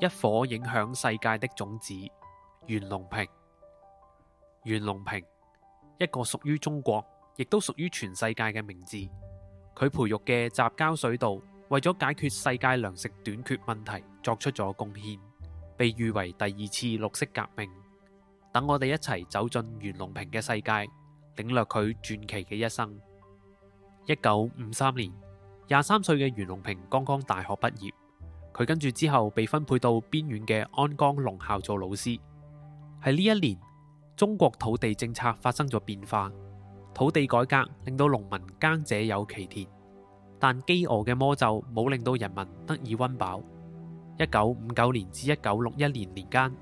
一顆影響世界的種子，袁隆平。袁隆平，一個屬於中國，亦都屬於全世界嘅名字。佢培育嘅雜交水稻，為咗解決世界糧食短缺問題，作出咗貢獻，被譽為第二次綠色革命。等我哋一齊走進袁隆平嘅世界，領略佢傳奇嘅一生。一九五三年，廿三歲嘅袁隆平剛剛大學畢業。佢跟住之後被分配到邊遠嘅安江農校做老師。喺呢一年，中國土地政策發生咗變化，土地改革令到農民耕者有其田，但饑餓嘅魔咒冇令到人民得以溫飽。一九五九年至一九六一年年間，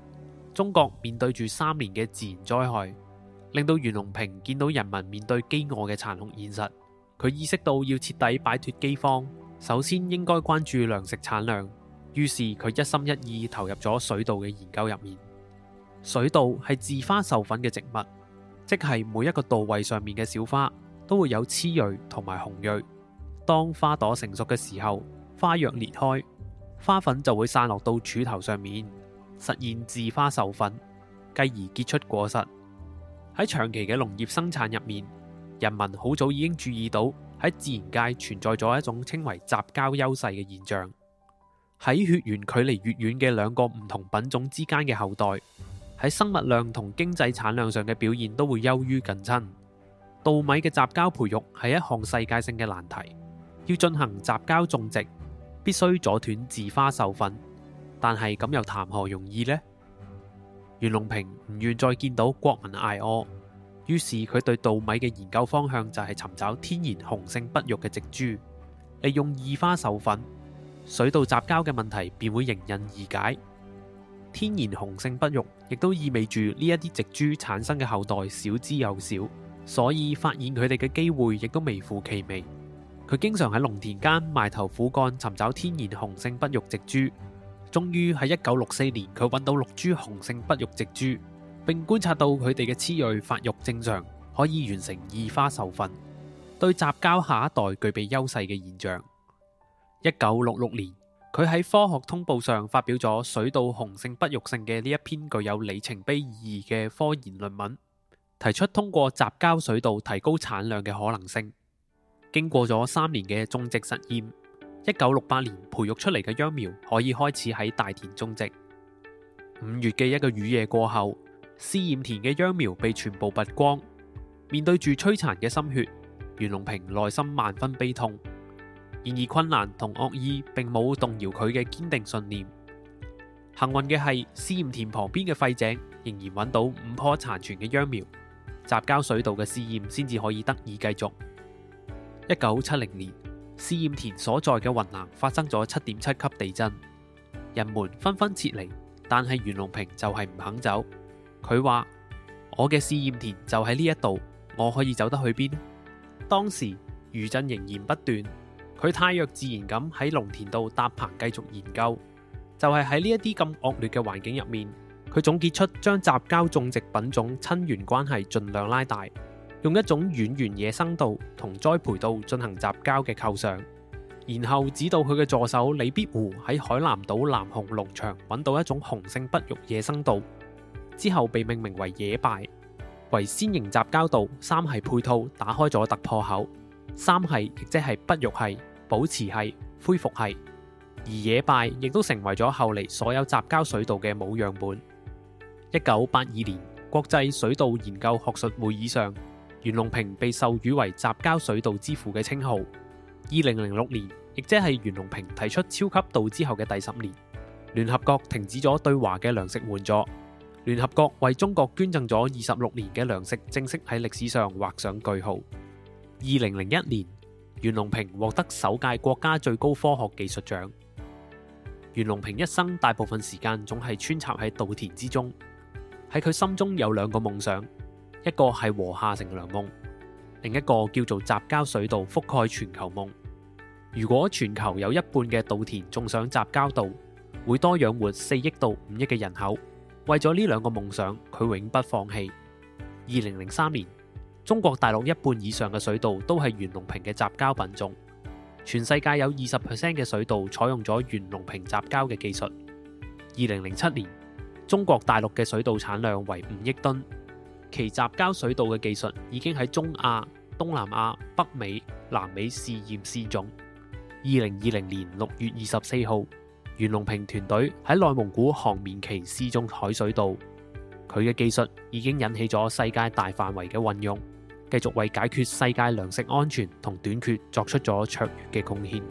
中國面對住三年嘅自然災害，令到袁隆平見到人民面對饑餓嘅殘酷現實。佢意識到要徹底擺脫饑荒，首先應該關注糧食產量。於是佢一心一意投入咗水稻嘅研究入面。水稻係自花授粉嘅植物，即係每一個稻穗上面嘅小花都會有雌蕊同埋雄蕊。當花朵成熟嘅時候，花藥裂開，花粉就會散落到柱頭上面，實現自花授粉，繼而結出果實。喺長期嘅農業生產入面，人民好早已經注意到喺自然界存在咗一種稱為雜交優勢嘅現象。喺血緣距離越遠嘅兩個唔同品種之間嘅後代，喺生物量同經濟產量上嘅表現都會優於近親。稻米嘅雜交培育係一項世界性嘅難題，要進行雜交種植，必須阻斷自花授粉，但係咁又談何容易呢？袁隆平唔願再見到國民捱餓，於是佢對稻米嘅研究方向就係尋找天然雄性不育嘅植株，利用異花授粉。水稻雜交嘅問題便會迎刃而解。天然雄性不育亦都意味住呢一啲植株產生嘅後代少之又少，所以發現佢哋嘅機會亦都微乎其微。佢經常喺農田間埋頭苦幹尋找天然雄性不育植株，終於喺一九六四年佢搵到六株雄性不育植株，並觀察到佢哋嘅雌蕊發育正常，可以完成異花授粉，對雜交下一代具備優勢嘅現象。一九六六年，佢喺《科學通報》上發表咗水稻雄性不育性嘅呢一篇具有里程碑意義嘅科研論文，提出通過雜交水稻提高產量嘅可能性。經過咗三年嘅種植實驗，一九六八年培育出嚟嘅秧苗可以開始喺大田種植。五月嘅一個雨夜過後，試驗田嘅秧苗被全部拔光，面對住摧殘嘅心血，袁隆平內心萬分悲痛。然而困難同惡意並冇動搖佢嘅堅定信念。幸運嘅係，試驗田旁邊嘅廢井仍然揾到五棵殘存嘅秧苗，雜交水稻嘅試驗先至可以得以繼續。一九七零年，試驗田所在嘅雲南發生咗七點七級地震，人們紛紛撤離，但係袁隆平就係唔肯走。佢話：我嘅試驗田就喺呢一度，我可以走得去邊？當時餘震仍然不斷。佢太弱，自然咁喺農田度搭棚繼續研究，就係喺呢一啲咁惡劣嘅環境入面，佢總結出將雜交種植品種親緣關係儘量拉大，用一種遠緣野生稻同栽培稻進行雜交嘅構想，然後指導佢嘅助手李必湖喺海南島南紅農場揾到一種雄性不育野生稻，之後被命名為野敗，為先型雜交稻三系配套打開咗突破口。三系，亦即係不育系、保持系、恢復系，而野敗亦都成為咗後嚟所有雜交水稻嘅母樣本。一九八二年，國際水稻研究學術會議上，袁隆平被授予為雜交水稻之父嘅稱號。二零零六年，亦即係袁隆平提出超級稻之後嘅第十年，聯合國停止咗對華嘅糧食援助。聯合國為中國捐贈咗二十六年嘅糧食，正式喺歷史上畫上句號。二零零一年，袁隆平獲得首屆國家最高科學技術獎。袁隆平一生大部分時間總係穿插喺稻田之中，喺佢心中有兩個夢想，一個係禾下乘涼夢，另一個叫做雜交水稻覆蓋全球夢。如果全球有一半嘅稻田種上雜交稻，會多養活四億到五億嘅人口。為咗呢兩個夢想，佢永不放棄。二零零三年。中國大陸一半以上嘅水稻都係袁隆平嘅雜交品種，全世界有二十 percent 嘅水稻採用咗袁隆平雜交嘅技術。二零零七年，中國大陸嘅水稻產量為五億噸，其雜交水稻嘅技術已經喺中亞、東南亞、北美、南美試驗試種。二零二零年六月二十四號，袁隆平團隊喺內蒙古杭錦旗試種海水稻，佢嘅技術已經引起咗世界大範圍嘅運用。繼續為解決世界糧食安全同短缺作出咗卓越嘅貢獻。